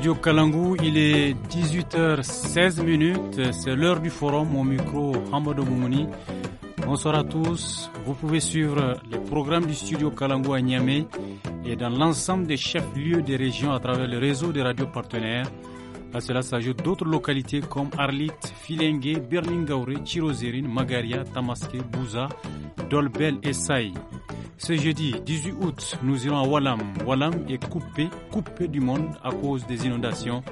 studio Kalangou, il est 18h16 C'est l'heure du forum au micro Hamadou Moumouni. Bonsoir à tous. Vous pouvez suivre les programmes du studio Kalangou à Niamey et dans l'ensemble des chefs-lieux des régions à travers le réseau des radios partenaires. À cela s'ajoutent d'autres localités comme Arlit, Filengue, Berlingaure, Chirozirine, Magaria, Tamaské, Bouza, Dolbel et Saï. Ce jeudi 18 août, nous irons à Wallam. Wallam est coupé, coupé du monde à cause des inondations.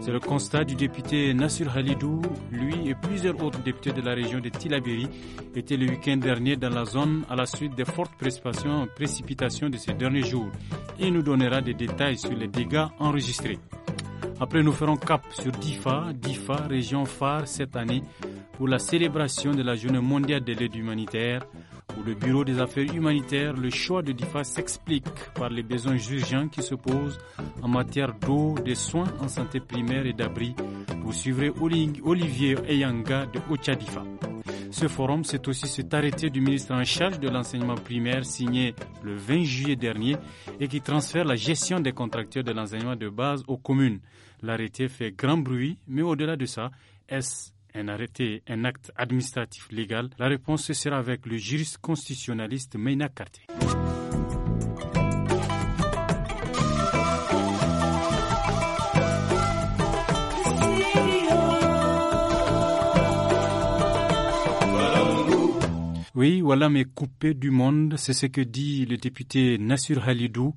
C'est le constat du député Nassir Halidou. Lui et plusieurs autres députés de la région de Tilabiri étaient le week-end dernier dans la zone à la suite des fortes précipitations de ces derniers jours. Il nous donnera des détails sur les dégâts enregistrés. Après, nous ferons cap sur DIFA, DIFA, région phare cette année, pour la célébration de la Journée mondiale de l'aide humanitaire. Pour le Bureau des affaires humanitaires, le choix de DIFA s'explique par les besoins urgents qui se posent en matière d'eau, de soins en santé primaire et d'abri. Vous suivrez Olivier Eyanga de Ocha DIFA. Ce forum, c'est aussi cet arrêté du ministre en charge de l'enseignement primaire signé le 20 juillet dernier et qui transfère la gestion des contracteurs de l'enseignement de base aux communes. L'arrêté fait grand bruit, mais au-delà de ça, est-ce un arrêté, un acte administratif légal La réponse sera avec le juriste constitutionnaliste Meina Karté. Oui, voilà, est coupé du monde, c'est ce que dit le député Nassir Halidou.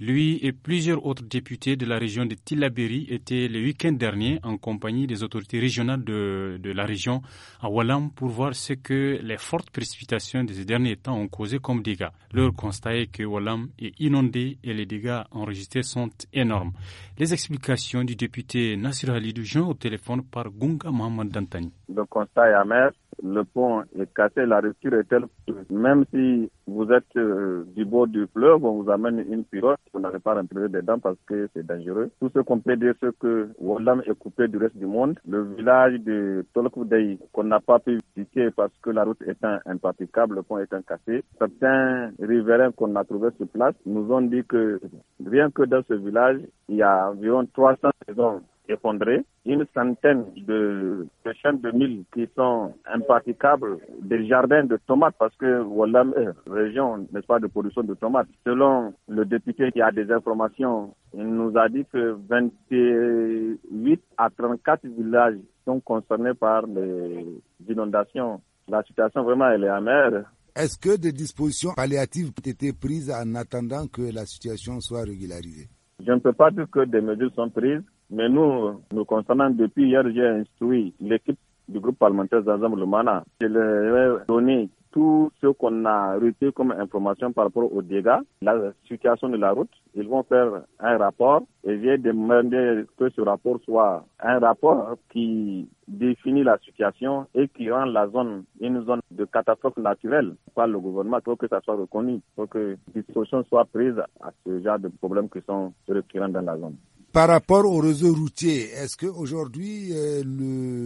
Lui et plusieurs autres députés de la région de Tillabéri étaient le week-end dernier en compagnie des autorités régionales de, la région à Wallam pour voir ce que les fortes précipitations de ces derniers temps ont causé comme dégâts. Leur constat est que Wallam est inondé et les dégâts enregistrés sont énormes. Les explications du député Nassir Ali Jean au téléphone par Gunga Mohamed Dantani le constat est amer. Le pont est cassé, la rupture est telle que même si vous êtes euh, du bord du fleuve, on vous amène une pirogue, vous n'avez pas rentré dedans parce que c'est dangereux. Tout ce qu'on peut dire, c'est que Wallam est coupé du reste du monde. Le village de Tolkoudei, qu'on n'a pas pu visiter parce que la route est impraticable, le pont est cassé. Certains riverains qu'on a trouvés sur place nous ont dit que rien que dans ce village, il y a environ 300 maisons effondré, une centaine de, de chaînes de mille qui sont impraticables, des jardins de tomates parce que voilà, euh, région, n'est-ce pas, de production de tomates. Selon le député qui a des informations, il nous a dit que 28 à 34 villages sont concernés par les inondations. La situation vraiment, elle est amère. Est-ce que des dispositions palliatives ont été prises en attendant que la situation soit régularisée Je ne peux pas dire que des mesures sont prises mais nous, nous concernant, depuis hier, j'ai instruit l'équipe du groupe parlementaire Zazam Lomana. Je leur ai donné tout ce qu'on a reçu comme information par rapport aux dégâts, la situation de la route. Ils vont faire un rapport et j'ai demander que ce rapport soit un rapport qui définit la situation et qui rend la zone une zone de catastrophe naturelle par le gouvernement pour que ça soit reconnu, pour que des solutions soient prises à ce genre de problèmes qui sont récurrents dans la zone par rapport au réseau routier, est-ce qu'aujourd'hui aujourd'hui euh,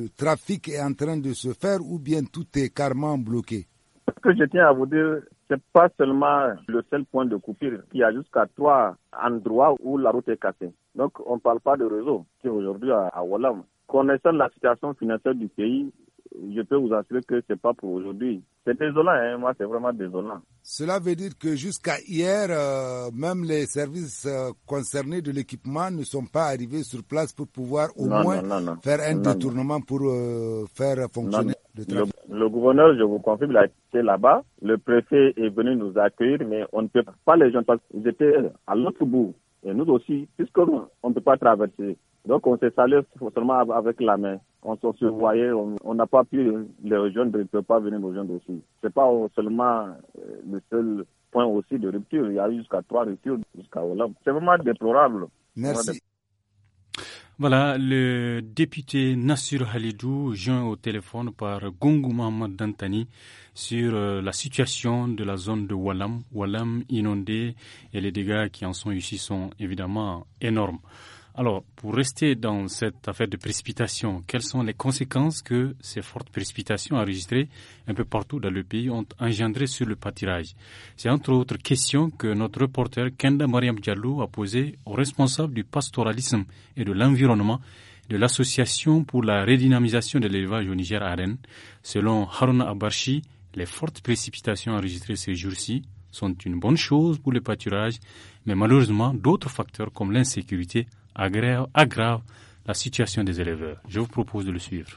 le trafic est en train de se faire ou bien tout est carrément bloqué Ce que je tiens à vous dire, c'est pas seulement le seul point de coupure. Il y a jusqu'à trois endroits où la route est cassée. Donc on ne parle pas de réseau. C'est aujourd'hui à, à Wallam. Connaissant la situation financière du pays, je peux vous assurer que c'est pas pour aujourd'hui. C'est désolant, hein, moi, c'est vraiment désolant. Cela veut dire que jusqu'à hier, euh, même les services euh, concernés de l'équipement ne sont pas arrivés sur place pour pouvoir au moins faire un détournement pour euh, faire fonctionner le trafic. Le, gouverneur, je vous confirme, il a été là-bas. Le préfet est venu nous accueillir, mais on ne peut pas les gens parce qu'ils étaient à l'autre bout. Et nous aussi, puisqu'on ne peut pas traverser, donc on s'est salé seulement avec la main. On se voyait on n'a pas pu les rejoindre, ne peuvent pas venir nous rejoindre aussi. Ce n'est pas seulement euh, le seul point aussi de rupture. Il y a eu jusqu'à trois ruptures jusqu'à Hollande. C'est vraiment déplorable. Merci. Voilà, le député Nassir Halidou, joint au téléphone par Gongou Mohamed Dantani sur euh, la situation de la zone de Wallam. Wallam inondée et les dégâts qui en sont ici sont évidemment énormes. Alors, pour rester dans cette affaire de précipitation, quelles sont les conséquences que ces fortes précipitations enregistrées un peu partout dans le pays ont engendrées sur le pâturage C'est entre autres questions que notre reporter Kenda Mariam Diallo a posées aux responsables du pastoralisme et de l'environnement de l'Association pour la redynamisation de l'élevage au Niger à Selon Haruna Abarchi, les fortes précipitations enregistrées ces jours-ci sont une bonne chose pour le pâturage, mais malheureusement d'autres facteurs comme l'insécurité aggrave la situation des éleveurs. Je vous propose de le suivre.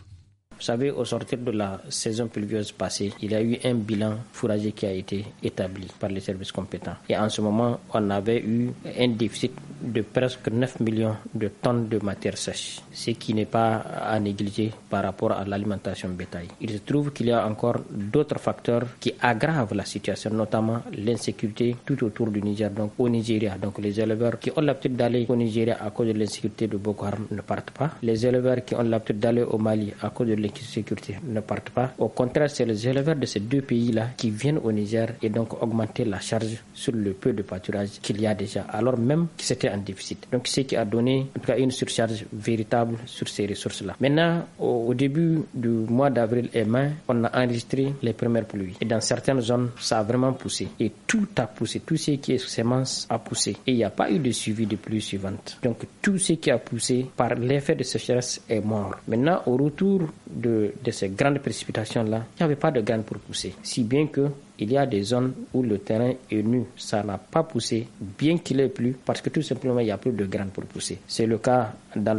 Vous savez, au sortir de la saison pluvieuse passée, il y a eu un bilan fourragé qui a été établi par les services compétents. Et en ce moment, on avait eu un déficit de presque 9 millions de tonnes de matière sèche, ce qui n'est pas à négliger par rapport à l'alimentation bétail. Il se trouve qu'il y a encore d'autres facteurs qui aggravent la situation, notamment l'insécurité tout autour du Niger, donc au Nigeria. Donc les éleveurs qui ont l'habitude d'aller au Nigeria à cause de l'insécurité de Boko Haram ne partent pas. Les éleveurs qui ont l'habitude d'aller au Mali à cause de sécurité ne partent pas. Au contraire, c'est les éleveurs de ces deux pays-là qui viennent au Niger et donc augmenter la charge sur le peu de pâturage qu'il y a déjà, alors même que c'était en déficit. Donc, ce qui a donné en tout cas une surcharge véritable sur ces ressources-là. Maintenant, au, début du mois d'avril et mai, on a enregistré les premières pluies. Et dans certaines zones, ça a vraiment poussé. Et tout a poussé. Tout ce qui est semence a poussé. Et il n'y a pas eu de suivi de pluie suivante. Donc, tout ce qui a poussé par l'effet de sécheresse est mort. Maintenant, au retour de, ces grandes précipitations-là, il n'y avait pas de graines pour pousser. Si bien que il y a des zones où le terrain est nu, ça n'a pas poussé, bien qu'il ait plu, parce que tout simplement il n'y a plus de graines pour pousser. C'est le cas dans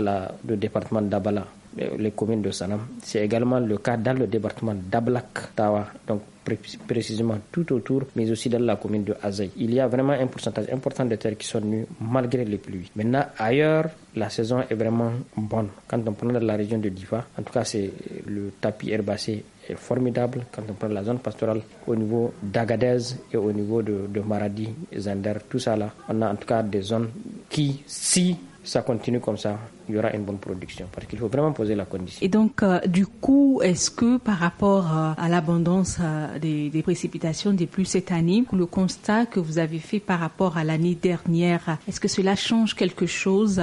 le département d'Abala euh, les communes de Sanam. C'est également le cas dans le département d'Ablak, Tawa, donc précisément tout autour, mais aussi dans la commune de Azaï. Il y a vraiment un pourcentage important de terres qui sont nues malgré les pluies. Maintenant, ailleurs, la saison est vraiment bonne. Quand on prend la région de Difa, en tout cas, c'est le tapis herbacé est formidable quand on prend la zone pastorale au niveau d'Agadez et au niveau de, de Maradi, Zander, tout ça là. On a en tout cas des zones qui, si ça continue comme ça, il y aura une bonne production parce qu'il faut vraiment poser la condition. Et donc, euh, du coup, est-ce que par rapport euh, à l'abondance euh, des, précipitations depuis cette année, le constat que vous avez fait par rapport à l'année dernière, est-ce que cela change quelque chose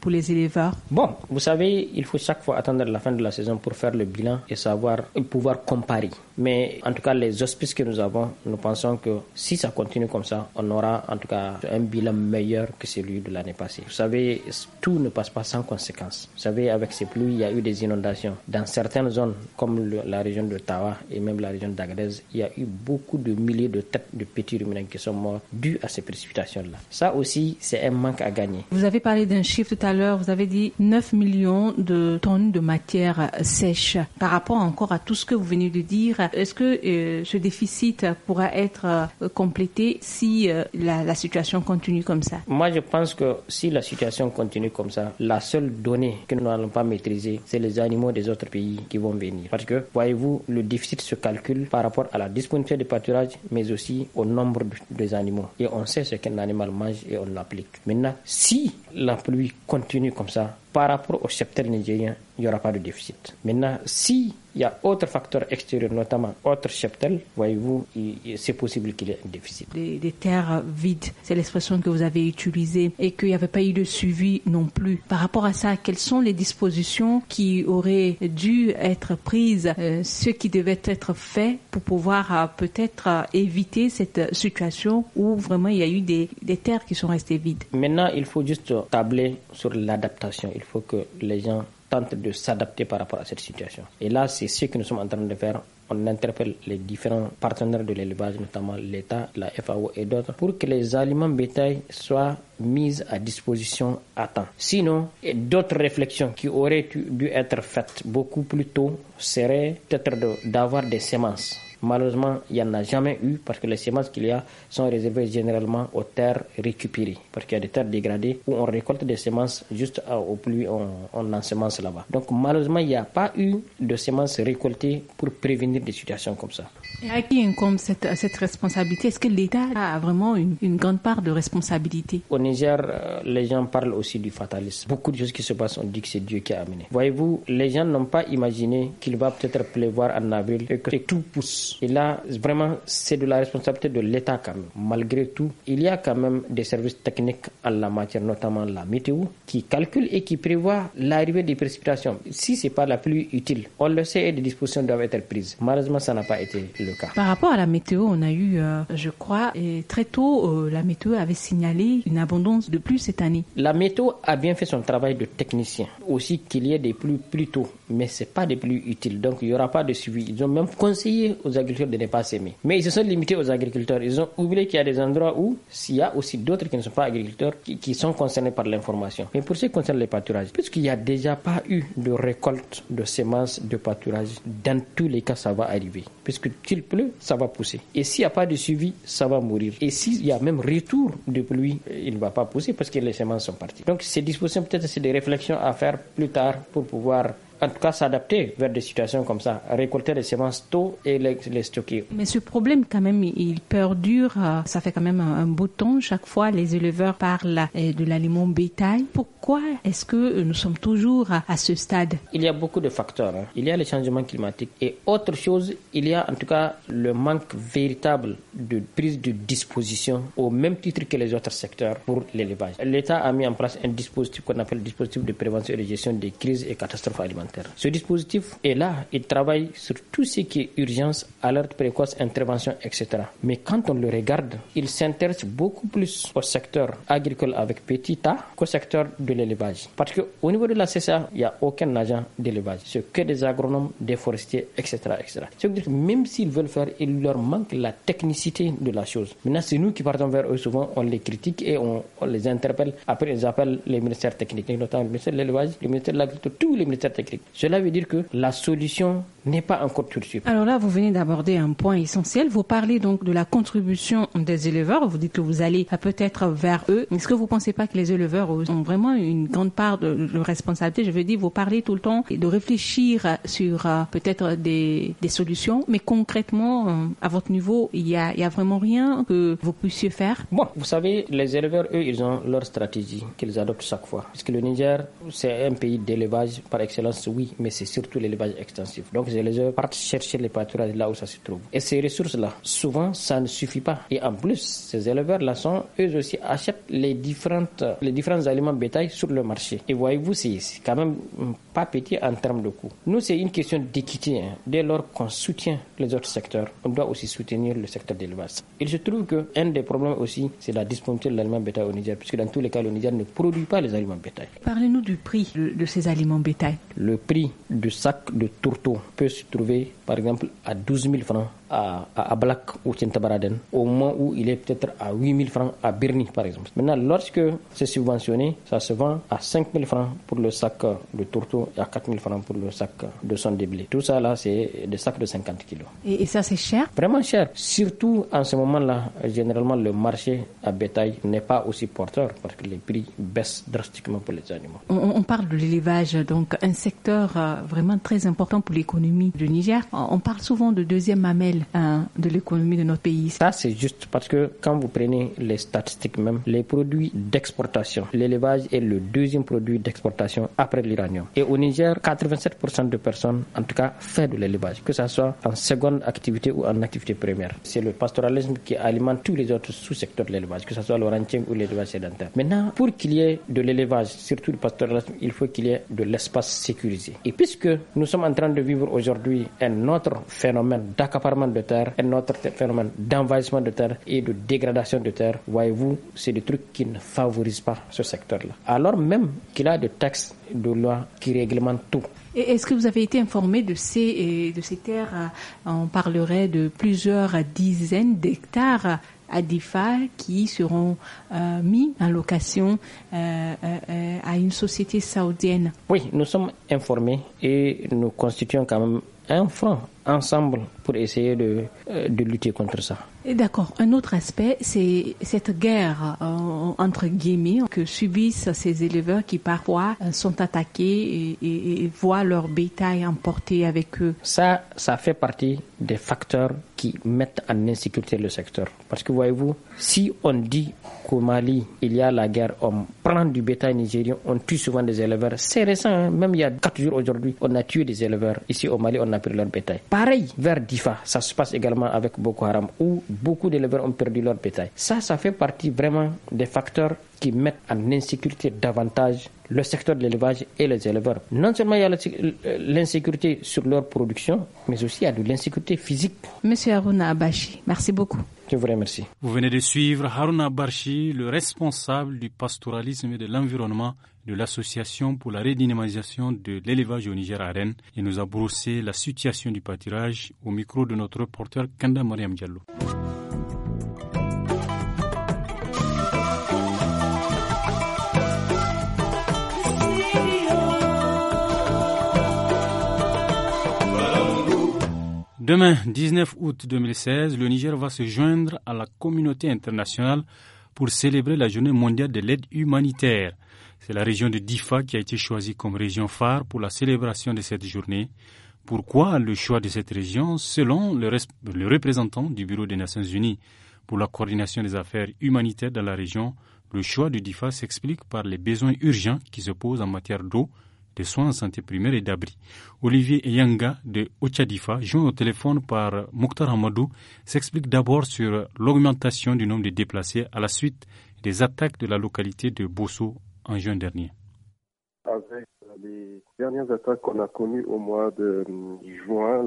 pour les éleveurs Bon, vous savez, il faut chaque fois attendre la fin de la saison pour faire le bilan et savoir et pouvoir comparer. Mais en tout cas, les auspices que nous avons, nous pensons que si ça continue comme ça, on aura en tout cas un bilan meilleur que celui de l'année passée. Vous savez, tout ne passe pas sans conséquence. Vous savez, avec ces pluies, il y a eu des inondations. Dans certaines zones, comme la région de Tawa et même la région d'Agadez, il y a eu beaucoup de milliers de têtes de petits ruminants qui sont morts dues à ces précipitations-là. Ça aussi, c'est un manque à gagner. Vous avez parlé d'un chiffre tout à l'heure, vous avez dit 9 millions de tonnes de matière sèche. Par rapport encore à tout ce que vous venez de dire, est-ce que euh, ce déficit pourra être euh, complété si euh, la situation continue comme ça Moi, je pense que si la situation continue comme ça, la seule donnée que nous n'allons pas maîtriser, c'est les animaux des autres pays qui vont venir. Parce que, voyez-vous, le déficit se calcule par rapport à la disponibilité de pâturage, mais aussi au nombre des animaux. Et on sait ce qu'un animal mange et on l'applique. Maintenant, si la pluie continue comme ça, par rapport au cheptel nigérien, il n'y aura pas de déficit. Maintenant, s'il y a autre facteur extérieur, notamment autre cheptel, voyez-vous, c'est possible qu'il y ait un déficit. Des, terres vides, c'est l'expression que vous avez utilisée, et qu'il n'y avait pas eu de suivi non plus. Par rapport à ça, quelles sont les dispositions qui auraient dû être prises, euh, ce qui devait être fait pour pouvoir euh, peut-être euh, éviter cette situation où vraiment il y a eu des, des terres qui sont restées vides Maintenant, il faut juste tabler sur l'adaptation il faut que les gens tentent de s'adapter par rapport à cette situation. Et là, c'est ce que nous sommes en train de faire. On interpelle les différents partenaires de l'élevage, notamment l'État, la FAO et d'autres, pour que les aliments bétail soient mis à disposition à temps. Sinon, d'autres réflexions qui auraient dû être faites beaucoup plus tôt seraient peut-être d'avoir des semences Malheureusement, il n'y en a jamais eu parce que les semences qu'il y a sont réservées généralement aux terres récupérées, parce qu'il y a des terres dégradées où on récolte des semences juste au pluie, on, on ensemence là-bas. Donc malheureusement, il n'y a pas eu de semences récoltées pour prévenir des situations comme ça. Et à qui incombe cette, cette responsabilité Est-ce que l'État a vraiment une, une, grande part de responsabilité Au Niger, euh, les gens parlent aussi du fatalisme. Beaucoup de choses qui se passent, on dit que c'est Dieu qui a amené. Voyez-vous, les gens n'ont pas imaginé qu'il va peut-être pleuvoir en avril et que tout pousse et là, vraiment, c'est de la responsabilité de l'État quand même. Malgré tout, il y a quand même des services techniques en la matière, notamment la météo, qui calculent et qui prévoient l'arrivée des précipitations. Si ce n'est pas la pluie utile, on le sait et des dispositions doivent être prises. Malheureusement, ça n'a pas été le cas. Par rapport à la météo, on a eu, euh, je crois, et très tôt, euh, la météo avait signalé une abondance de pluie cette année. La météo a bien fait son travail de technicien. Aussi qu'il y ait des pluies plus tôt mais ce n'est pas des plus utiles. Donc, il n'y aura pas de suivi. Ils ont même conseillé aux agriculteurs de ne pas s'aimer. Mais ils se sont limités aux agriculteurs. Ils ont oublié qu'il y a des endroits où, s'il y a aussi d'autres qui ne sont pas agriculteurs, qui, sont concernés par l'information. Mais pour ce qui concerne les pâturages, puisqu'il n'y a déjà pas eu de récolte de semences de pâturage, dans tous les cas, ça va arriver. Puisque s'il pleut, ça va pousser. Et s'il n'y a pas de suivi, ça va mourir. Et s'il y a même retour de pluie, il ne va pas pousser parce que les semences sont parties. Donc, ces dispositions, peut-être, c'est des réflexions à faire plus tard pour pouvoir en tout cas s'adapter vers des situations comme ça, récolter les semences tôt et les, stocker. Mais ce problème quand même, il perdure, euh, ça fait quand même un, un beau temps, chaque fois les éleveurs parlent euh, de l'aliment bétail. Pourquoi est-ce que nous sommes toujours à, ce stade Il y a beaucoup de facteurs. Hein. Il y a les changements climatiques et autre chose, il y a en tout cas le manque véritable de prise de disposition au même titre que les autres secteurs pour l'élevage. L'État a mis en place un dispositif qu'on appelle le dispositif de prévention et de gestion des crises et catastrophes alimentaires. Ce dispositif est là, il travaille sur tout ce qui est urgence, alerte précoce, intervention, etc. Mais quand on le regarde, il s'intéresse beaucoup plus au secteur agricole avec petit A qu'au secteur de l'élevage. Parce qu'au niveau de la CSA, il n'y a aucun agent d'élevage. ce que des agronomes, des forestiers, etc. etc. cest dire que même s'ils veulent faire, il leur manque la technicité de la chose. Maintenant, c'est nous qui partons vers eux souvent, on les critique et on, on les interpelle. Après, ils appellent les ministères techniques, notamment le ministère de l'élevage, le ministère de l'agriculture, tous les ministères techniques. Cela veut dire que la solution n'est pas encore suite. Alors là, vous venez d'aborder un point essentiel. Vous parlez donc de la contribution des éleveurs. Vous dites que vous allez peut-être vers eux. Est-ce que vous ne pensez pas que les éleveurs ont vraiment une grande part de, responsabilité Je veux dire, vous parlez tout le temps de réfléchir sur euh, peut-être des, solutions, mais concrètement, euh, à votre niveau, il n'y a, y a vraiment rien que vous puissiez faire Bon, vous savez, les éleveurs, eux, ils ont leur stratégie qu'ils adoptent chaque fois. Puisque le Niger, c'est un pays d'élevage par excellence, oui, mais c'est surtout l'élevage extensif. Donc, les éleveurs partent chercher les pâturages là où ça se trouve. Et ces ressources-là, souvent, ça ne suffit pas. Et en plus, ces éleveurs-là sont, eux aussi, achètent les, différentes, les différents aliments bétail sur le marché. Et voyez-vous, c'est quand même pas petit en termes de coût. Nous, c'est une question d'équité. Hein. Dès lors qu'on soutient les autres secteurs, on doit aussi soutenir le secteur d'élevage. Il se trouve qu'un des problèmes aussi, c'est la disponibilité de l'aliment bétail au Niger, puisque dans tous les cas, le Niger ne produit pas les aliments bétail. Parlez-nous du prix de, ces aliments bétail. Le prix du sac de tourteau peut se trouver, par exemple, à 12 000 francs à, à Ablak ou Tintabaraden, au moment où il est peut-être à 8 000 francs à Birni, par exemple. Maintenant, lorsque c'est subventionné, ça se vend à 5 000 francs pour le sac de tourteau et à 4 000 francs pour le sac de son déblé. Tout ça, là, c'est des sacs de 50 kilos. Et, ça, c'est cher Vraiment cher. Surtout en ce moment-là, généralement, le marché à bétail n'est pas aussi porteur parce que les prix baissent drastiquement pour les animaux. on parle de l'élevage, donc un secteur euh, vraiment très important pour l'économie du Niger. On parle souvent de deuxième mamelle hein, de l'économie de notre pays. Ça, c'est juste parce que quand vous prenez les statistiques même, les produits d'exportation, l'élevage est le deuxième produit d'exportation après l'uranium. Et au Niger, 87% de personnes, en tout cas, font de l'élevage, que ce soit en seconde activité ou en activité première. C'est le pastoralisme qui alimente tous les autres sous-secteurs de l'élevage, que ce soit ranching ou l'élevage sédentaire. Maintenant, pour qu'il y ait de l'élevage, surtout le pastoralisme, il faut qu'il y ait de l'espace sécurisé. Et puisque nous sommes en train de vivre aujourd'hui un autre phénomène d'accaparement de terre, un autre phénomène d'envahissement de terre et de dégradation de terre. Voyez-vous, c'est des trucs qui ne favorisent pas ce secteur-là. Alors même qu'il a des textes de loi qui réglementent tout. Est-ce que vous avez été informé de ces, euh, de ces terres euh, On parlerait de plusieurs dizaines d'hectares à des phares qui seront euh, mis en location euh, euh, à une société saoudienne. Oui, nous sommes informés et nous constituons quand même un front ensemble pour essayer de, euh, de lutter contre ça. D'accord. Un autre aspect, c'est cette guerre, euh, entre guillemets, que subissent ces éleveurs qui parfois euh, sont attaqués et, voient leur bétail emporté avec eux. Ça, ça fait partie des facteurs qui mettent en insécurité le secteur. Parce que voyez-vous, si on dit qu'au Mali, il y a la guerre, on prend du bétail nigérien, on tue souvent des éleveurs. C'est récent, hein. même il y a 4 jours aujourd'hui, on a tué des éleveurs. Ici au Mali, on a pris leur bétail. Pareil vers Difa, ça se passe également avec Boko Haram, où beaucoup d'éleveurs ont perdu leur bétail. Ça, ça fait partie vraiment des facteurs qui mettent en insécurité davantage le secteur de l'élevage et les éleveurs. Non seulement il y a euh, l'insécurité sur leur production, mais aussi il y a de l'insécurité physique. Monsieur Aruna Abashi, merci beaucoup. Je vous remercie. Vous venez de suivre Haruna Barchi, le responsable du pastoralisme et de l'environnement de l'Association pour la redynamisation de l'élevage au Niger à Rennes et nous a brossé la situation du pâturage au micro de notre reporter Kanda Mariam Diallo. Demain, 19 août 2016, le Niger va se joindre à la communauté internationale pour célébrer la journée mondiale de l'aide humanitaire. C'est la région de Difa qui a été choisie comme région phare pour la célébration de cette journée. Pourquoi le choix de cette région Selon le, représentant du Bureau des Nations Unies pour la coordination des affaires humanitaires dans la région, le choix de DIFA s'explique par les besoins urgents qui se posent en matière d'eau, de soins en santé primaire et d'abri. Olivier Yanga de Ochadifa, joint au téléphone par Mokhtar Hamadou, s'explique d'abord sur l'augmentation du nombre de déplacés à la suite des attaques de la localité de Bosso en juin dernier. Avec les dernières attaques qu'on a connues au mois de euh, juin,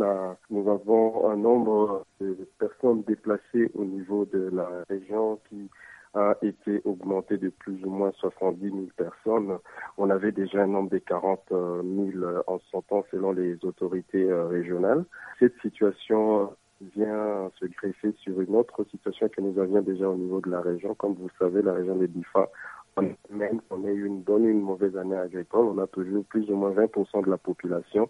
nous avons un nombre de personnes déplacées au niveau de la région qui a été augmenté de plus ou moins 70 000 personnes. On avait déjà un nombre de 40 000 euh, euh, en 100 ans selon les autorités euh, régionales. Cette situation vient se greffer sur une autre situation que nous avions déjà au niveau de la région. Comme vous le savez, la région des Bifa, même est eu une bonne une mauvaise année agricole, on a toujours plus ou moins 20% de la population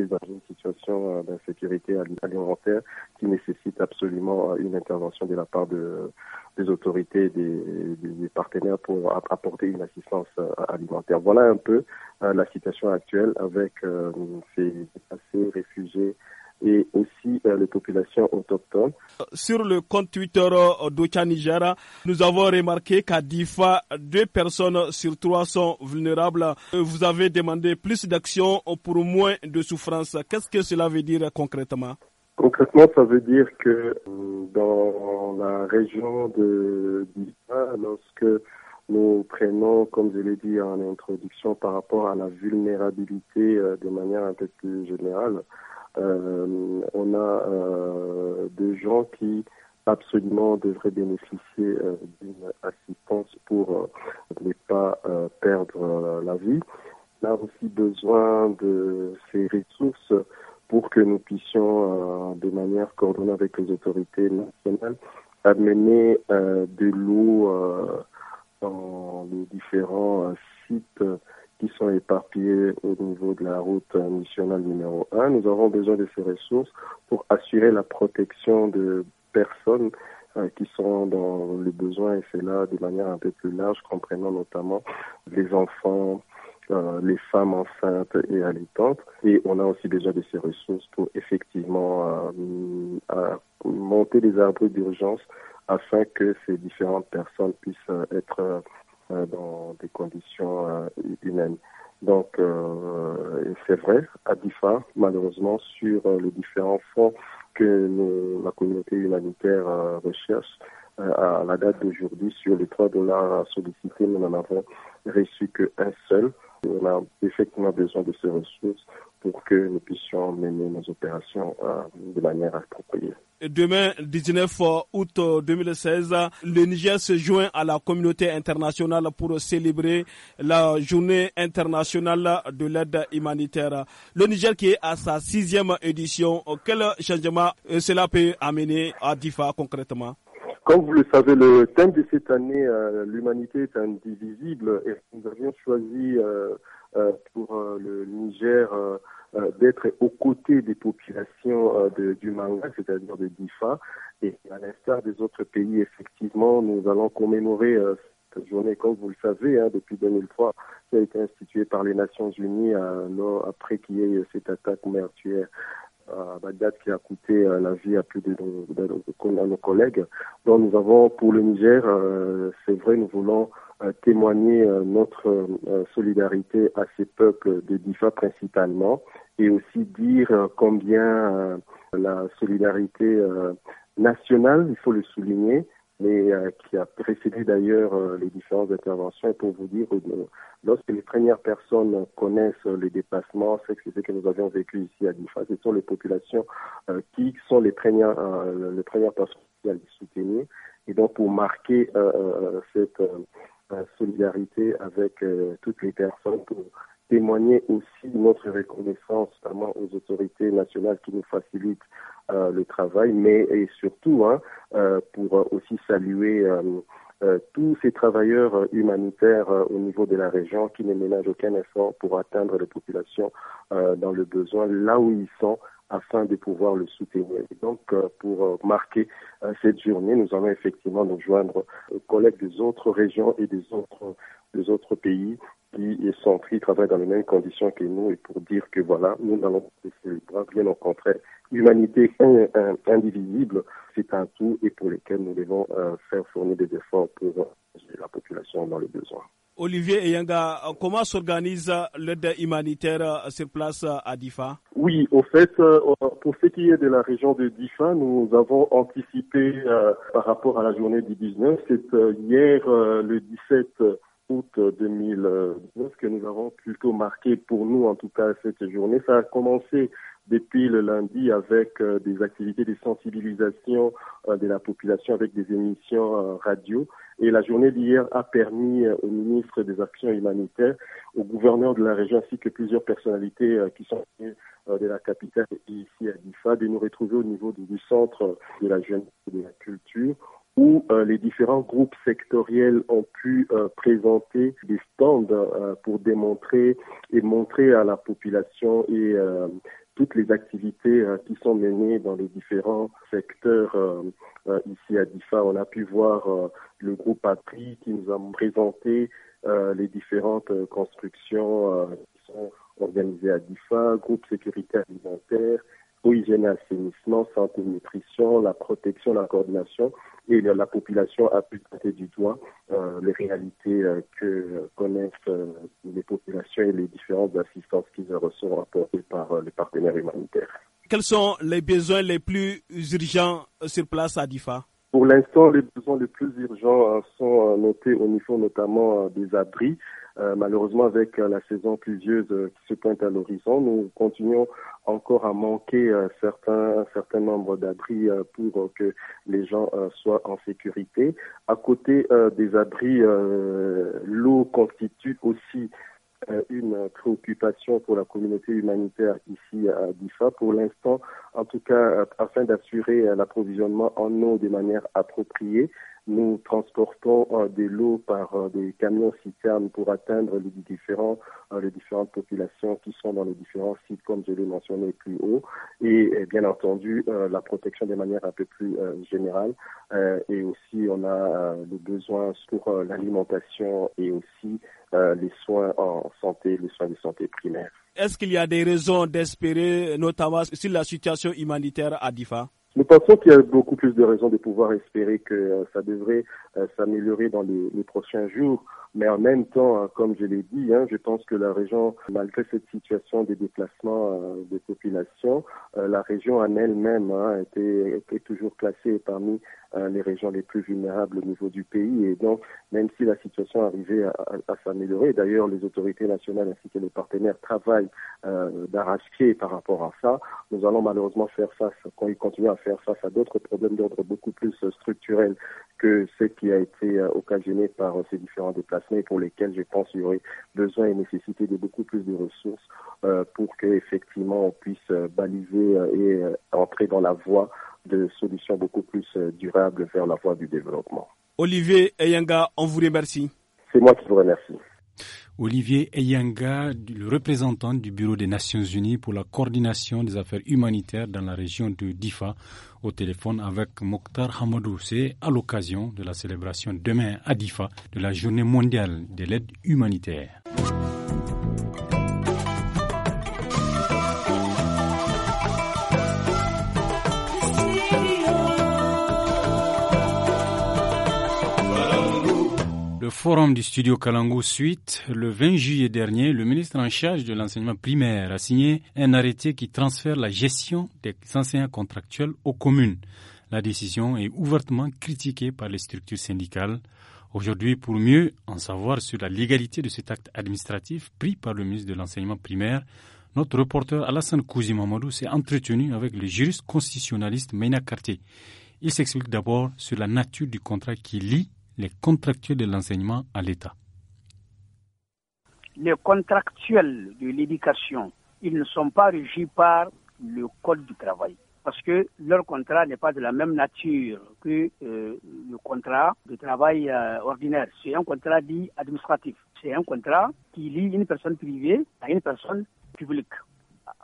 dans une situation euh, d'insécurité alimentaire qui nécessite absolument euh, une intervention de la part de, des autorités des, des, partenaires pour apporter une assistance euh, alimentaire. Voilà un peu la situation actuelle avec ces assez réfugiés et aussi euh, les populations autochtones. Sur le compte Twitter euh, d'Ocha Niger, nous avons remarqué qu'à Difa, deux personnes sur trois sont vulnérables. Euh, vous avez demandé plus d'actions pour moins de souffrance. Qu'est-ce que cela veut dire concrètement Concrètement, ça veut dire que dans la région de Difa, lorsque nous prenons, comme je l'ai dit en introduction, par rapport à la vulnérabilité de manière un peu plus générale, euh, on a euh, des gens qui absolument devraient bénéficier euh, d'une assistance pour ne pas perdre la vie. On a aussi besoin de ces ressources pour que nous puissions, de manière coordonnée avec les autorités nationales, amener de l'eau dans les différents sites qui sont éparpillés au niveau de la route nationale numéro 1. Nous avons besoin de ces ressources pour assurer la protection de personnes euh, qui sont dans les besoins et c'est là de manière un peu plus large, comprenant notamment les enfants, euh, les femmes enceintes et allaitantes. Et on a aussi besoin de ces ressources pour effectivement euh, monter des arbres d'urgence afin que ces différentes personnes puissent être euh, dans des conditions euh, humaines. Donc, euh, c'est vrai, à DIFA, malheureusement, sur les différents fonds que la communauté humanitaire recherche, à la date d'aujourd'hui, sur les 3 dollars sollicités, nous n'en avons reçu qu'un seul. On a effectivement besoin de ces ressources pour que nous puissions mener nos opérations euh, de manière appropriée. Demain, 19 euh, août 2016, euh, le Niger se joint à la communauté internationale pour célébrer la journée internationale de l'aide humanitaire. Le Niger qui est à sa sixième édition, quel changement cela peut amener à DIFA concrètement comme vous le savez, le thème de cette année, l'humanité est indivisible, et nous avions choisi euh, pour euh, le Niger euh, d'être aux côtés des populations du Manga, c'est-à-dire de Difa. Et à l'instar des autres pays, effectivement, nous allons commémorer cette journée, comme vous le savez, hein, depuis 2003, qui a été instituée par les Nations Unies après qu'il y ait cette attaque meurtrière à Bagdad qui a coûté la vie à plus de, nos collègues. Donc nous avons pour le Niger, c'est vrai, nous voulons euh, témoigner euh, notre euh, solidarité à ces peuples de DIFA principalement et aussi dire combien la solidarité nationale, il faut le souligner, mais qui a précédé d'ailleurs les différentes interventions. pour vous dire, que lorsque les premières personnes connaissent les déplacements, c'est ce que nous avions vécu ici à Difa, ce sont les populations qui sont les premières, les premières personnes qui allaient soutenir. Et donc pour marquer cette solidarité avec euh, toutes les personnes pour témoigner aussi notre reconnaissance, notamment aux autorités nationales qui nous facilitent euh, le travail, mais surtout hein, euh, pour aussi saluer tous ces travailleurs humanitaires au niveau de la région qui ne ménagent aucun effort pour atteindre les populations dans le besoin, là où ils sont, afin de pouvoir le soutenir. donc, euh, pour euh, marquer euh, cette journée, nous allons effectivement nous joindre aux collègues des autres régions et des autres, des autres pays qui sont pris, travaillent dans les mêmes conditions que nous et pour dire que voilà, nous allons pas le bien au contraire. L'humanité indivisible, c'est un tout et pour lequel nous devons faire fournir des efforts pour la population dans les besoins. Olivier Eyanga, comment s'organise l'aide humanitaire à sur place à Difa Oui, au fait, euh, euh, pour ce qui est de la région de Difa, nous avons anticipé euh, par rapport à la journée du 19, c'est hier le 17 août 2019 que nous avons plutôt marqué pour nous en tout cas cette journée. Ça a commencé depuis le lundi avec des activités de sensibilisation de la population avec des émissions radio et la journée d'hier a permis euh, au ministre des Actions humanitaires, au gouverneur de la région ainsi que plusieurs personnalités euh, qui sont venues euh, de la capitale ici à Difa de nous retrouver au niveau du centre de la jeunesse et de la culture où les différents groupes sectoriels ont pu présenter des stands pour démontrer et montrer à la population et toutes les activités euh, qui sont menées dans les différents secteurs euh, euh, ici à DIFA. On a pu voir le groupe ATRI qui nous a présenté les différentes constructions qui sont organisées à DIFA, groupe sécurité alimentaire, eau, hygiène, assainissement, santé, nutrition, la protection, la coordination et la, population a pu pointer du doigt euh, les réalités euh, que connaissent euh, les populations et les différentes assistances qu'ils reçoivent apportées par les partenaires humanitaires. Quels sont les besoins les plus urgents sur place à Difa Pour l'instant, les besoins les plus urgents sont notés au niveau notamment des abris. Euh, malheureusement, avec euh, la saison pluvieuse euh, qui se pointe à l'horizon, nous continuons encore à manquer certains, un certain nombre d'abris pour que les gens soient en sécurité. À côté des abris, l'eau constitue aussi une préoccupation pour la communauté humanitaire ici à Difa. Pour l'instant, en tout cas, afin d'assurer l'approvisionnement en eau de manière appropriée, nous transportons euh, des lots par euh, des camions citernes pour atteindre les différents, euh, les différentes populations qui sont dans les différents sites, comme je l'ai mentionné plus haut. Et, bien entendu, la protection de manière un peu plus générale. et aussi, on a le besoin sur l'alimentation et aussi les soins en santé, les soins de santé primaire. Est-ce qu'il y a des raisons d'espérer, notamment sur la situation humanitaire à Difa nous pensons qu'il y a beaucoup plus de raisons de pouvoir espérer que euh, ça devrait euh, s'améliorer dans les, prochains jours. Mais en même temps, hein, comme je l'ai dit, hein, je pense que la région, malgré cette situation des déplacements euh, des populations, euh, la région en elle-même hein, était, toujours classée parmi euh, les régions les plus vulnérables au niveau du pays. Et donc, même si la situation arrivait à, s'améliorer, d'ailleurs, les autorités nationales ainsi que les partenaires travaillent d'arrache-pied par rapport à ça, nous allons malheureusement faire face, quand ils continuent à faire face à d'autres problèmes d'ordre beaucoup plus structurels que ceux qui a été occasionné par ces différents déplacements pour lesquelles je pense qu'il y aurait besoin et nécessité de beaucoup plus de ressources euh, pour qu'effectivement on puisse euh, baliser euh, et entrer dans la voie de solutions beaucoup plus durables vers la voie du développement. Olivier Eyanga, on vous remercie. C'est moi qui vous remercie. Olivier Eyenga, le représentant du Bureau des Nations Unies pour la coordination des affaires humanitaires dans la région de Difa, au téléphone avec Mokhtar Hamadou. C'est à l'occasion de la célébration demain à Difa de la Journée mondiale de l'aide humanitaire. forum du studio Kalango Suite, le 20 juillet dernier, le ministre en charge de l'enseignement primaire a signé un arrêté qui transfère la gestion des enseignants contractuels aux communes. La décision est ouvertement critiquée par les structures syndicales. Aujourd'hui, pour mieux en savoir sur la légalité de cet acte administratif pris par le ministre de l'enseignement primaire, notre reporter Alassane Kouzi Mamadou s'est entretenu avec le juriste constitutionnaliste Meina Karté. Il s'explique d'abord sur la nature du contrat qui lie les contractuels de l'enseignement à l'État Les contractuels de l'éducation, ils ne sont pas régis par le Code du travail parce que leur contrat n'est pas de la même nature que euh, le contrat de travail euh, ordinaire. C'est un contrat dit administratif. C'est un contrat qui lie une personne privée à une personne publique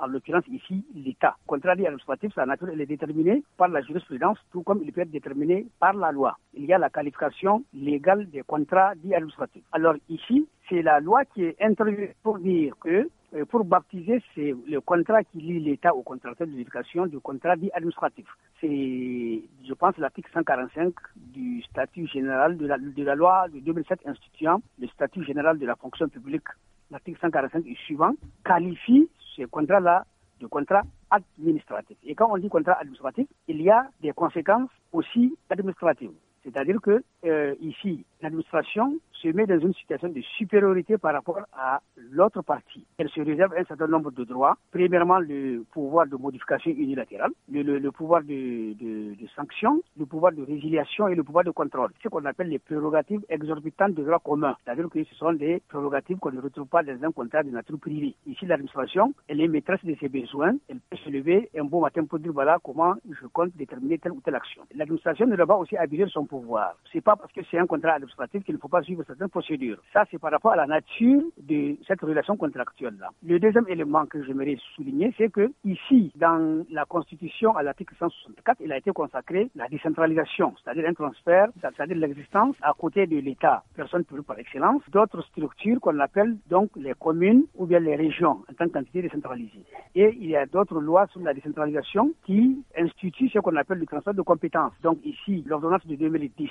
en l'occurrence ici l'État. Contrat administratif, sa nature elle est déterminée par la jurisprudence, tout comme il peut être déterminé par la loi. Il y a la qualification légale des contrats dits administratifs. Alors ici, c'est la loi qui est introduite pour dire que euh, pour baptiser, c'est le contrat qui lie l'État au contrat de l'éducation du contrat dit administratif. C'est, je pense, l'article 145 du statut général de la, de la loi de 2007 instituant le statut général de la fonction publique l'article 145 est suivant, qualifie ce contrat-là du contrat administratif. Et quand on dit contrat administratif, il y a des conséquences aussi administratives. C'est-à-dire que euh, ici, l'administration se met dans une situation de supériorité par rapport à l'autre partie. Elle se réserve un certain nombre de droits. Premièrement, le pouvoir de modification unilatérale, le, pouvoir de, sanction, le pouvoir de résiliation et le pouvoir de contrôle. Ce qu'on appelle les prérogatives exorbitantes de droit commun. C'est-à-dire que ce sont des prérogatives qu'on ne retrouve pas dans un contrat de nature privée. Ici, l'administration, elle est maîtresse de ses besoins. Elle peut se lever un bon matin pour dire voilà comment je compte déterminer telle ou telle action. L'administration ne doit pas aussi abuser son pouvoir pouvoir. C'est pas parce que c'est un contrat administratif qu'il ne faut pas suivre certaines procédures. Ça, c'est par rapport à la nature de cette relation contractuelle-là. Le deuxième élément que j'aimerais souligner, c'est que ici, dans la Constitution, à l'article 164, il a été consacré la décentralisation, c'est-à-dire un transfert, c'est-à-dire l'existence à côté de l'État, personne plus par excellence, d'autres structures qu'on appelle donc les communes ou bien les régions en tant qu'entité décentralisée. Et il y a d'autres lois sur la décentralisation qui instituent ce qu'on appelle le transfert de compétences. Donc ici, l'ordonnance de 2010 du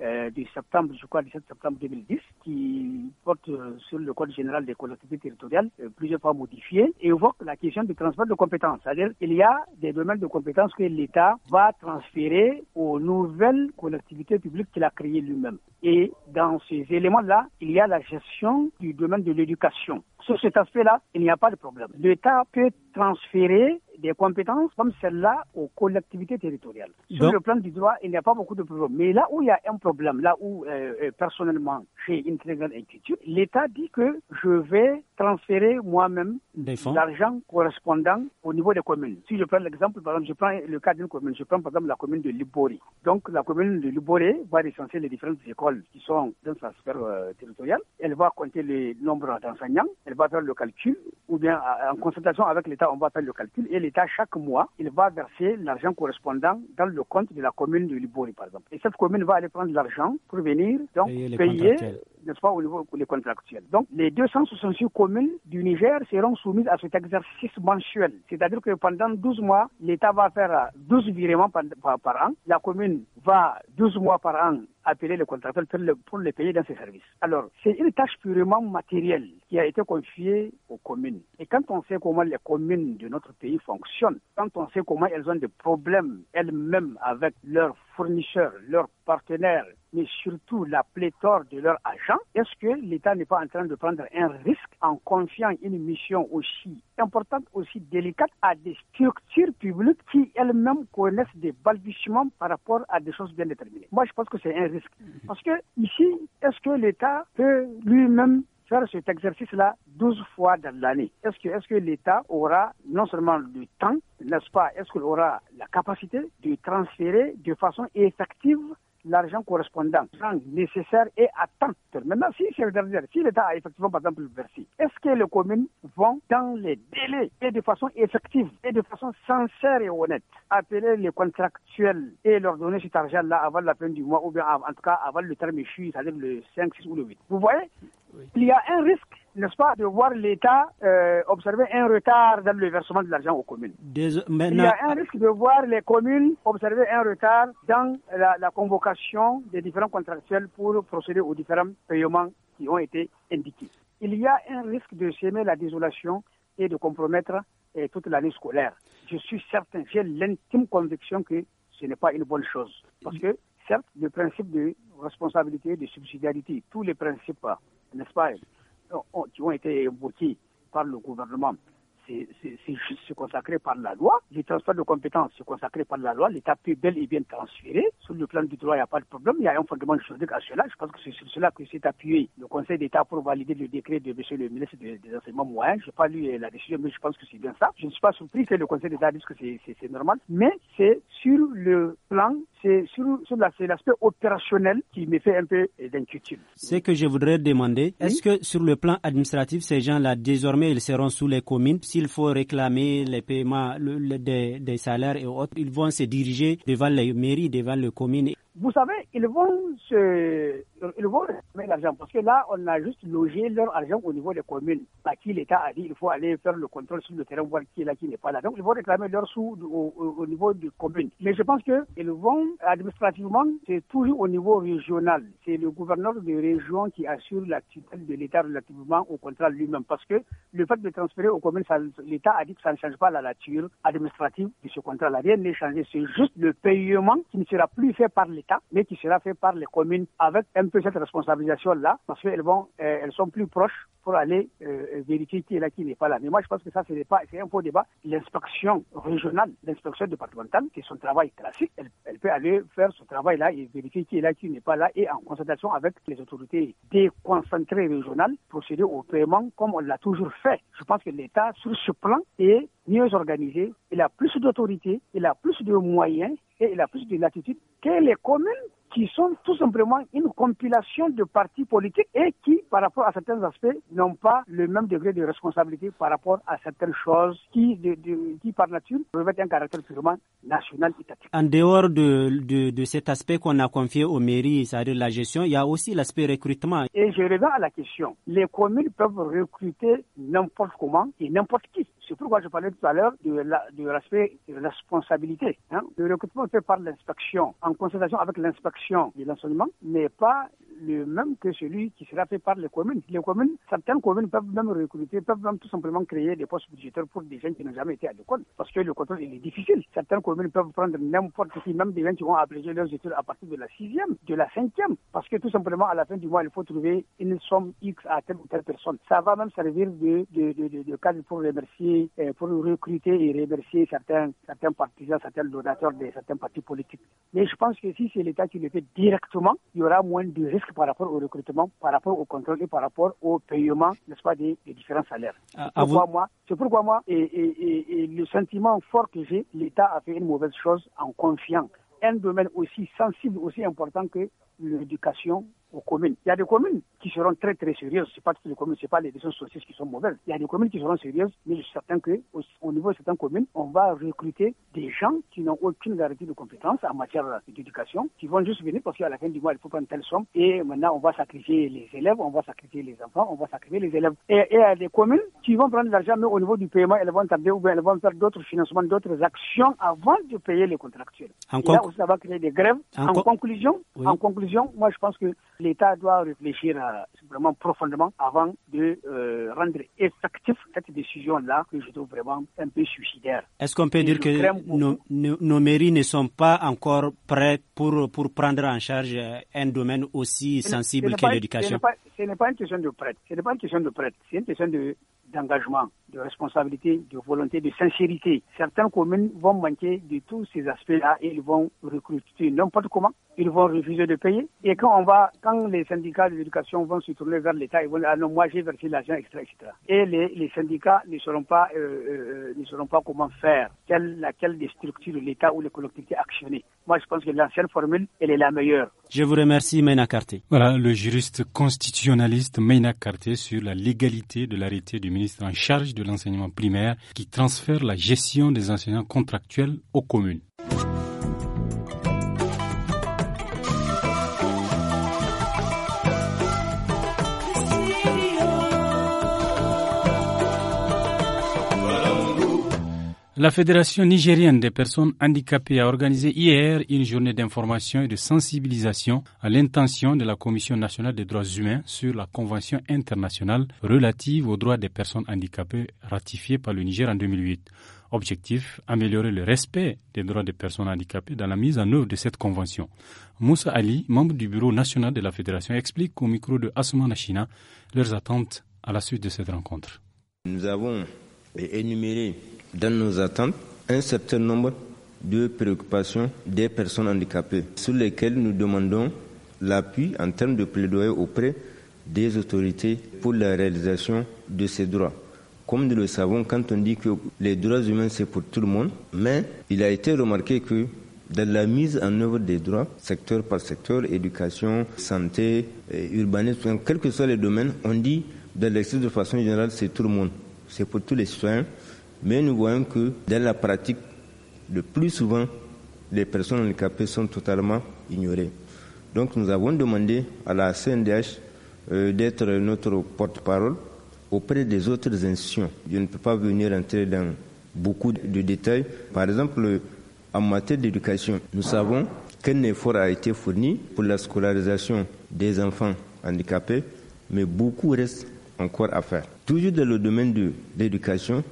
euh, septembre, crois, 17 septembre 2010, qui porte euh, sur le Code général des collectivités territoriales, euh, plusieurs fois modifié, et évoque la question du transfert de compétences. C'est-à-dire qu'il y a des domaines de compétences que l'État va transférer aux nouvelles collectivités publiques qu'il a créées lui-même. Et dans ces éléments-là, il y a la gestion du domaine de l'éducation. Sur cet aspect-là, il n'y a pas de problème. L'État peut transférer des compétences comme celle-là aux collectivités territoriales. Sur le plan du droit, il n'y a pas beaucoup de problèmes. Mais là où il y a un problème, là où euh, euh, personnellement j'ai une très grande inquiétude, l'État dit que je vais transférer moi-même l'argent correspondant au niveau des communes. Si je prends l'exemple, par exemple, je prends le cas d'une commune, je prends par exemple la commune de Liboré. Donc la commune de Liboré va licencier les différentes écoles qui sont dans sa sphère euh, territoriale. Elle va compter le nombre d'enseignants, va faire le calcul, ou bien euh, en consultation avec l'État, on va faire le calcul, et l'État, chaque mois, il va verser l'argent correspondant dans le compte de la commune de Libori, par exemple. Et cette commune va aller prendre l'argent pour venir donc, payer n'est-ce pas, au niveau des contractuels. Donc, les 266 communes du Niger seront soumises à cet exercice mensuel. C'est-à-dire que pendant 12 mois, l'État va faire 12 virements par, an. La commune va 12 mois par an appeler les contractuels pour, le, les payer dans ses services. Alors, c'est une tâche purement matérielle qui a été confiée aux communes. Et quand on sait comment les communes de notre pays fonctionnent, quand on sait comment elles ont des problèmes elles-mêmes avec leurs fournisseurs, leurs partenaires, mais surtout la pléthore de leurs agents, est-ce que l'État n'est pas en train de prendre un risque en confiant une mission aussi importante, aussi délicate à des structures publiques qui elles-mêmes connaissent des balbutiements par rapport à des choses bien déterminées Moi, je pense que c'est un risque. Mm-hmm. Parce que ici, est-ce que l'État peut lui-même faire cet exercice-là 12 fois dans l'année. Est-ce que, est ce que l'État aura non seulement le temps, n'est-ce pas, est-ce qu'il aura la capacité de transférer de façon effective l'argent correspondant, nécessaire et à temps. Maintenant, si si l'État a effectivement, par exemple, versé, est-ce que les communes vont, dans les délais et de façon effective et de façon sincère et honnête, appeler les contractuels et leur donner cet argent-là avant la fin du mois ou bien en tout cas avant le terme échu, c'est-à-dire le 5, 6 ou le 8 Vous voyez, il y a un risque n'est-ce pas, de voir l'État euh, observer un retard dans le versement de l'argent aux communes. Il y a un risque de voir les communes observer un retard dans la, convocation des différents contractuels pour procéder aux différents paiements qui ont été indiqués. Il y a un risque de semer la désolation et de compromettre euh, toute l'année scolaire. Je suis certain, j'ai l'intime conviction que ce n'est pas une bonne chose. Parce que, certes, le principe de responsabilité, de subsidiarité, tous les principes, n'est-ce pas, qui ont été évoqués par le gouvernement, c'est juste consacré par la loi. Les transferts de compétences, se consacré par la loi. L'État peut bel et bien transférer. Sur le plan du droit, il n'y a pas de problème. Il y a un fondement juridique à cela. Je pense que c'est sur cela que s'est appuyé le Conseil d'État pour valider le décret de M. le ministre des, des Enseignements moyens. Je n'ai pas lu euh, la décision, mais je pense que c'est bien ça. Je ne suis pas surpris que le Conseil d'État dise que c'est normal. Mais c'est sur le plan c'est sur, l'aspect opérationnel qui me fait un peu d'inquiétude. Ce que je voudrais demander, est-ce que sur le plan administratif, ces gens-là, désormais, ils seront sous les communes S'il faut réclamer les paiements le, des, des, salaires et autres, ils vont se diriger devant les mairies, devant les communes. Vous savez, ils vont se, ils vont l'argent parce que là, on a juste logé leur argent au niveau des communes. À qui l'État a dit, il faut aller faire le contrôle sur le terrain, voir qui est là, qui n'est pas là. Donc, ils vont réclamer leur sous au, niveau des communes. Mais je pense que ils vont, administrativement, c'est toujours au niveau régional. C'est le gouverneur de région qui assure la tutelle de l'État relativement au contrat lui-même. Parce que le fait de transférer aux communes, l'État a dit que ça ne change pas la nature administrative de ce contrat-là. Rien n'est changé. C'est juste le paiement qui ne sera plus fait par l'État mais qui sera fait par les communes avec un peu cette responsabilisation-là, parce qu'elles vont, euh, elles sont plus proches pour aller euh, vérifier qui est là, qui n'est pas là. Mais moi, je pense que ça, pas, c'est un faux débat. L'inspection régionale, l'inspection départementale, qui est son travail classique, elle, peut aller faire ce travail-là et vérifier qui est là, qui n'est pas là, et en consultation avec les autorités déconcentrées régionales, procéder au paiement comme on l'a toujours fait. Je pense que l'État, sur ce plan, est mieux organisé, il a plus d'autorité, il a plus de moyens, et il a plus de latitude que les communes qui sont tout simplement une compilation de partis politiques et qui, par rapport à certains aspects, n'ont pas le même degré de responsabilité par rapport à certaines choses qui, qui par nature, revêtent un caractère purement national étatique. En dehors de, de, de cet aspect qu'on a confié aux mairies, c'est-à-dire la gestion, il y a aussi l'aspect recrutement. Et je reviens à la question. Les communes peuvent recruter n'importe comment et n'importe qui. C'est pourquoi je parlais tout à l'heure de la, de, de responsabilité. Hein. Le recrutement fait par l'inspection, en consultation avec l'inspection de l'enseignement, n'est pas le même que celui qui sera fait par les communes. Les communes, certaines communes peuvent même recruter, peuvent même tout simplement créer des postes budgétaires pour des gens qui n'ont jamais été à l'école, parce que le contrôle il est difficile. Certaines communes peuvent prendre n'importe qui, même des gens qui vont abrégé leurs études à partir de la sixième, de la cinquième, parce que tout simplement à la fin du mois, il faut trouver une somme X à telle ou telle personne. Ça va même servir de, de, cadre pour remercier, euh, pour recruter et remercier certains, certains partisans, certains donateurs de certains partis politiques. Mais je pense que si c'est l'État qui le fait directement, il y aura moins de risques par rapport au recrutement, par rapport au contrôle et par rapport au paiement, n'est-ce pas, des, différents salaires. Ah, c'est pourquoi, moi, pourquoi moi, et, et, le sentiment fort que j'ai, l'État a fait une mauvaise chose en confiant un domaine aussi sensible, aussi important que l'éducation aux communes. Il y a des communes qui seront très très sérieuses. C'est pas toutes les communes, c'est pas les décisions sociales qui sont mauvaises. Il y a des communes qui seront sérieuses, mais je suis certain que au, niveau de certaines communes, on va recruter des gens qui n'ont aucune garantie de compétences en matière d'éducation, qui vont juste venir parce qu'à la fin du mois, il faut prendre telle somme et maintenant on va sacrifier les élèves, on va sacrifier les enfants, on va sacrifier les élèves. Et, et il y a des communes qui vont prendre l'argent, mais au niveau du paiement, elles vont tarder ou elles vont faire d'autres financements, d'autres actions avant de payer les contractuels. ça va créer des grèves. En, conclusion, en conclusion, moi je pense que l'État doit réfléchir euh, vraiment profondément avant de euh, rendre effectif cette décision-là que je trouve vraiment un peu suicidaire. Est-ce qu'on peut dire que nos, mairies ne sont pas encore prêtes pour, pour prendre en charge euh, un domaine aussi sensible que l'éducation ce n'est pas une question de prête. Ce n'est pas une question de prête. C'est une question de d'engagement, de responsabilité, de volonté, de sincérité. Certaines communes vont manquer de tous ces aspects-là et ils vont recruter n'importe comment. Ils vont refuser de payer. Et quand on va, quand les syndicats de l'éducation vont se tourner vers l'État, ils vont aller ah non, moi j'ai versé l'argent, etc., Et les, syndicats ne sauront pas, euh, euh, euh, ne sauront pas comment faire, quelle, laquelle des structures l'État ou les collectivités actionner. Moi, je pense que l'ancienne formule, elle est la meilleure. Je vous remercie, Meina Karté. Voilà, le juriste constitutionnaliste Meina Karté sur la légalité de l'arrêté du ministre en charge de l'enseignement primaire qui transfère la gestion des enseignants contractuels aux communes. La Fédération nigérienne des personnes handicapées a organisé hier une journée d'information et de sensibilisation à l'intention de la Commission nationale des droits humains sur la Convention internationale relative aux droits des personnes handicapées ratifiée par le Niger en 2008. Objectif, améliorer le respect des droits des personnes handicapées dans la mise en œuvre de cette convention. Moussa Ali, membre du bureau national de la Fédération, explique au micro de Asuma Nashina leurs attentes à la suite de cette rencontre. Nous avons énuméré dans nos attentes un certain nombre de préoccupations des personnes handicapées, sur lesquelles nous demandons l'appui en termes de plaidoyer auprès des autorités pour la réalisation de ces droits. Comme nous le savons, quand on dit que les droits humains, c'est pour tout le monde, mais il a été remarqué que dans la mise en œuvre des droits, secteur par secteur, éducation, santé, euh, urbanisme, quel que soit les domaines, on dit dans l'excès de façon générale, c'est tout le monde. C'est pour tous les citoyens. Mais nous voyons que dans la pratique, le plus souvent, les personnes handicapées sont totalement ignorées. Donc nous avons demandé à la CNDH euh, d'être notre porte-parole auprès des autres institutions. Je ne peux pas venir entrer dans beaucoup de détails. Par exemple, en matière d'éducation, nous savons qu'un effort a été fourni pour la scolarisation des enfants handicapés, mais beaucoup reste encore à faire. Toujours dans le domaine de l'éducation,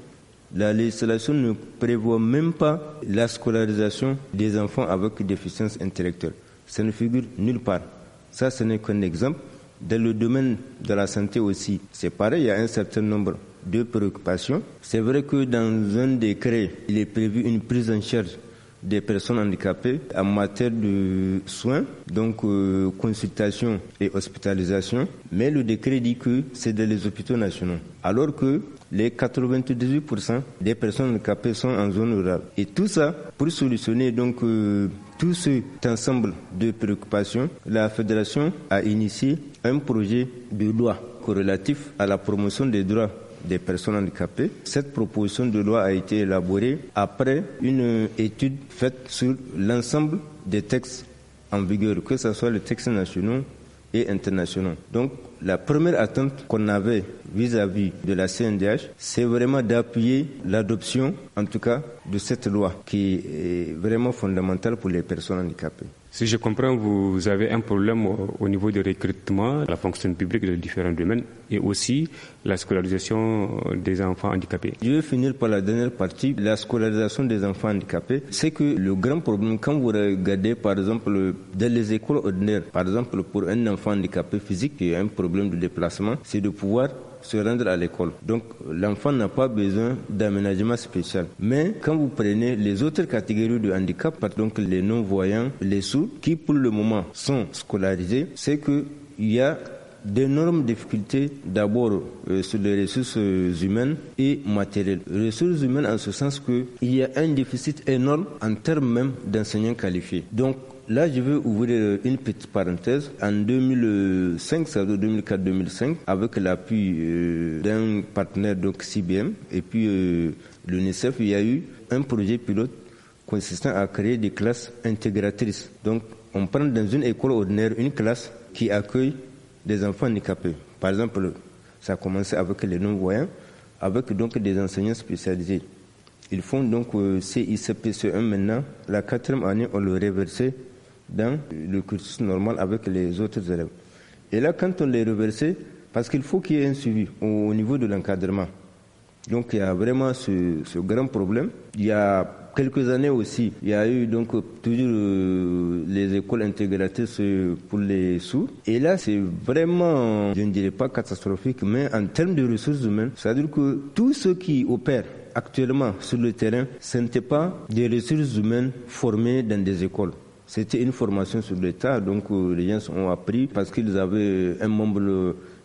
la législation ne prévoit même pas la scolarisation des enfants avec déficience intellectuelle. Ça ne figure nulle part. Ça, ce n'est qu'un exemple. Dans le domaine de la santé aussi, c'est pareil, il y a un certain nombre de préoccupations. C'est vrai que dans un décret, il est prévu une prise en charge des personnes handicapées en matière de soins, donc euh, consultation et hospitalisation, mais le décret dit que c'est dans les hôpitaux nationaux, alors que les 98% des personnes handicapées sont en zone rurale. Et tout ça pour solutionner donc euh, tout cet ensemble de préoccupations, la fédération a initié un projet de loi corrélatif à la promotion des droits des personnes handicapées. Cette proposition de loi a été élaborée après une étude faite sur l'ensemble des textes en vigueur, que ce soit les textes nationaux et internationaux. Donc, la première attente qu'on avait vis-à-vis de la CNDH, c'est vraiment d'appuyer l'adoption, en tout cas, de cette loi qui est vraiment fondamentale pour les personnes handicapées. Si je comprends, vous avez un problème au niveau du recrutement, la fonction publique de différents domaines et aussi la scolarisation des enfants handicapés. Je vais finir par la dernière partie, la scolarisation des enfants handicapés. C'est que le grand problème, quand vous regardez par exemple dans les écoles ordinaires, par exemple pour un enfant handicapé physique, il y a un problème problème de déplacement, c'est de pouvoir se rendre à l'école. Donc l'enfant n'a pas besoin d'aménagement spécial. Mais quand vous prenez les autres catégories de handicap, donc les non-voyants, les sourds, qui pour le moment sont scolarisés, c'est qu'il y a d'énormes difficultés d'abord euh, sur les ressources euh, humaines et matérielles. Ressources humaines en ce sens qu'il y a un déficit énorme en termes même d'enseignants qualifiés. Donc Là, je veux ouvrir euh, une petite parenthèse. En 2005, ça 2004-2005, avec l'appui euh, d'un partenaire, donc CBM, et puis euh, l'UNICEF, il y a eu un projet pilote consistant à créer des classes intégratrices. Donc, on prend dans une école ordinaire une classe qui accueille des enfants handicapés. Par exemple, ça a commencé avec les non-voyants, avec donc des enseignants spécialisés. Ils font donc cicpc 1 e maintenant. La quatrième année, on le réversait dans le cursus normal avec les autres élèves. Et là, quand on les reversait, parce qu'il faut qu'il y ait un suivi au, niveau de l'encadrement. Donc il y a vraiment ce, ce, grand problème. Il y a quelques années aussi, il y a eu donc toujours euh, les écoles intégratrices pour les sous. Et là, c'est vraiment, je ne dirais pas catastrophique, mais en termes de ressources humaines, c'est-à-dire que tous ceux qui opèrent actuellement sur le terrain, ce n'étaient pas des ressources humaines formées dans des écoles. C'était une formation sur l'État, donc euh, les gens ont appris parce qu'ils avaient un membre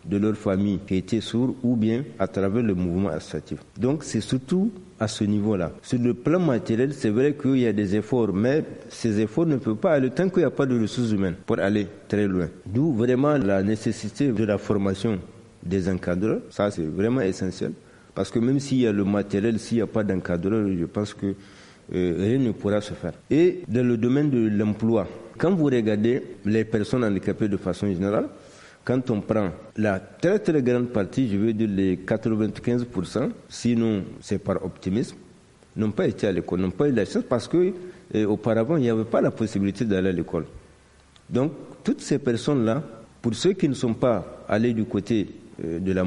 de leur famille qui était sourd ou bien à travers le mouvement associatif. Donc c'est surtout à ce niveau-là. Sur le plan matériel, c'est vrai qu'il y a des efforts, mais ces efforts ne peuvent pas aller tant qu'il n'y a pas de ressources humaines pour aller très loin. D'où vraiment la nécessité de la formation des encadreurs, ça c'est vraiment essentiel, parce que même s'il y a le matériel, s'il n'y a pas d'encadreur, je pense que euh, rien ne pourra se faire. Et dans le domaine de l'emploi, quand vous regardez les personnes handicapées de façon générale, quand on prend la très très grande partie, je veux dire les 95%, sinon c'est par optimisme, n'ont pas été à l'école, n'ont pas eu la chance parce que euh, auparavant il n'y avait pas la possibilité d'aller à l'école. Donc toutes ces personnes-là, pour ceux qui ne sont pas allés du côté euh, de la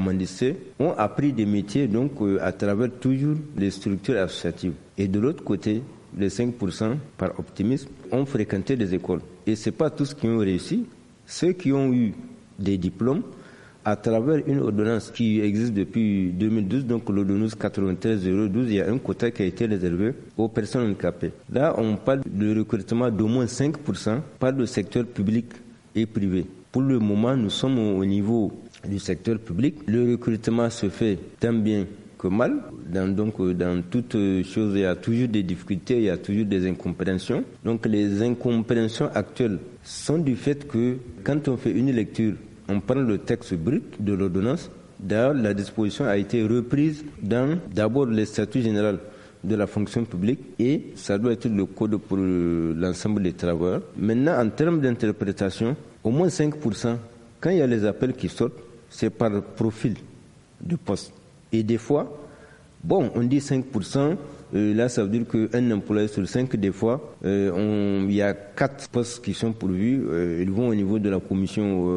ont appris des métiers donc euh, à travers toujours les structures associatives. Et de l'autre côté, les 5% par optimisme ont fréquenté des écoles. Et ce n'est pas tous qui ont réussi. Ceux qui ont eu des diplômes, à travers une ordonnance qui existe depuis 2012, donc l'ordonnance 93-012, il y a un quota qui a été réservé aux personnes handicapées. Là, on parle de recrutement d'au moins 5% par le secteur public et privé. Pour le moment, nous sommes au niveau du secteur public. Le recrutement se fait tant bien que mal. Dans, donc, euh, dans toute euh, chose, il y a toujours des difficultés, il y a toujours des incompréhensions. Donc, les incompréhensions actuelles sont du fait que quand on fait une lecture, on prend le texte brut de l'ordonnance. D'ailleurs, la disposition a été reprise dans d'abord le statut général de la fonction publique et ça doit être le code pour euh, l'ensemble des travailleurs. Maintenant, en termes d'interprétation, au moins 5%, quand il y a les appels qui sortent, c'est par profil de poste. Et des fois, bon, on dit 5%, euh, là ça veut dire qu'un employé sur 5, des fois, euh, il y a 4 postes qui sont pourvus, euh, ils vont au niveau de la commission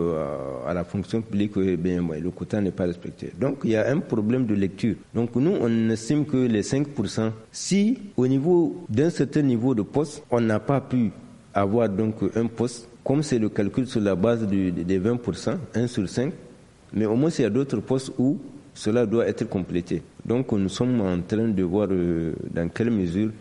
à, la fonction publique, et bien, le quota n'est pas respecté. Donc il y a un problème de lecture. Donc nous, on estime que les 5%, si au niveau d'un certain niveau de poste, on n'a pas pu avoir donc un poste, comme c'est le calcul sur la base des de 20%, 1 sur 5, mais au moins, il y a d'autres postes où cela doit être complété. Donc nous sommes en train de voir euh, dans quelle mesure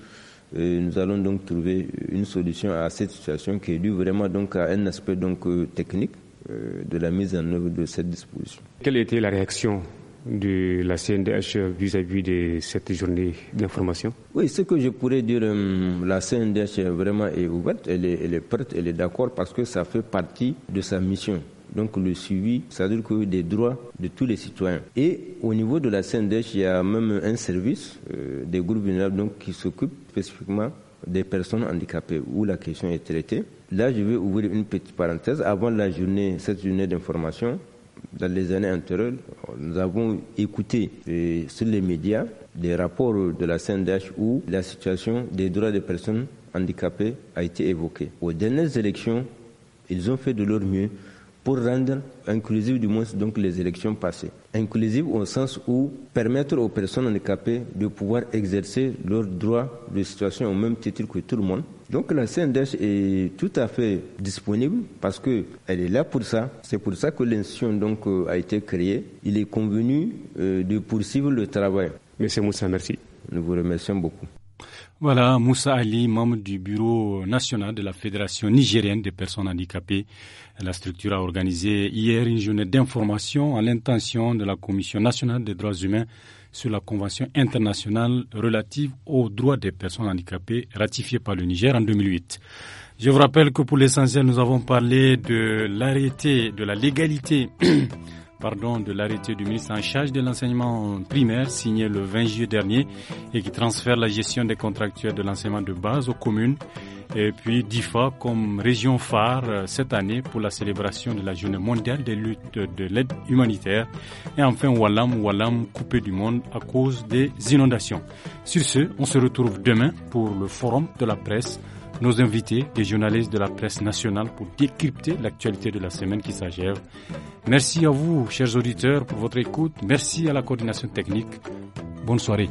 euh, nous allons donc trouver une solution à cette situation qui est due vraiment donc à un aspect donc euh, technique de la mise en œuvre de cette disposition. Quelle était la réaction de la CNDH vis-à-vis de cette journée d'information Oui, ce que je pourrais dire, la CNDH vraiment ouverte, elle elle est prête, elle est d'accord parce que ça fait partie de sa mission donc le suivi, c'est-à-dire que des droits de tous les citoyens. Et au niveau de la CNDH, il y a même un service euh, des groupes vulnérables donc, qui s'occupe spécifiquement des personnes handicapées où la question est traitée. Là, je vais ouvrir une petite parenthèse. Avant la journée, cette journée d'information, dans les années antérieures, nous avons écouté euh, sur les médias des rapports de la CNDH où la situation des droits des personnes handicapées a été évoquée. Aux dernières élections, ils ont fait de leur mieux pour rendre inclusive du moins donc les élections passées. Inclusive au sens où permettre aux personnes handicapées de pouvoir exercer leurs droits de situation au même titre que tout le monde. Donc la CNDH est tout à fait disponible parce que elle est là pour ça. C'est pour ça que l'institution donc euh, a été créée. Il est convenu euh, de poursuivre le travail. Monsieur Moussa, merci. Nous vous remercions beaucoup. Voilà, Moussa Ali, membre du bureau national de la Fédération nigérienne des personnes handicapées. La structure a organisé hier une journée d'information à l'intention de la Commission nationale des droits humains sur la Convention internationale relative aux droits des personnes handicapées ratifiée par le Niger en 2008. Je vous rappelle que pour l'essentiel, nous avons parlé de l'arrêté, de la légalité pardon, de l'arrêté du ministre en charge de l'enseignement primaire signé le 20 juillet dernier et qui transfère la gestion des contractuels de l'enseignement de base aux communes et puis DIFA comme région phare euh, cette année pour la célébration de la journée mondiale des luttes de l'aide humanitaire et enfin Wallam Wallam coupé du monde à cause des inondations. Sur ce, on se retrouve demain pour le forum de la presse nos invités, des journalistes de la presse nationale, pour décrypter l'actualité de la semaine qui s'agève. Merci à vous, chers auditeurs, pour votre écoute. Merci à la coordination technique. Bonne soirée.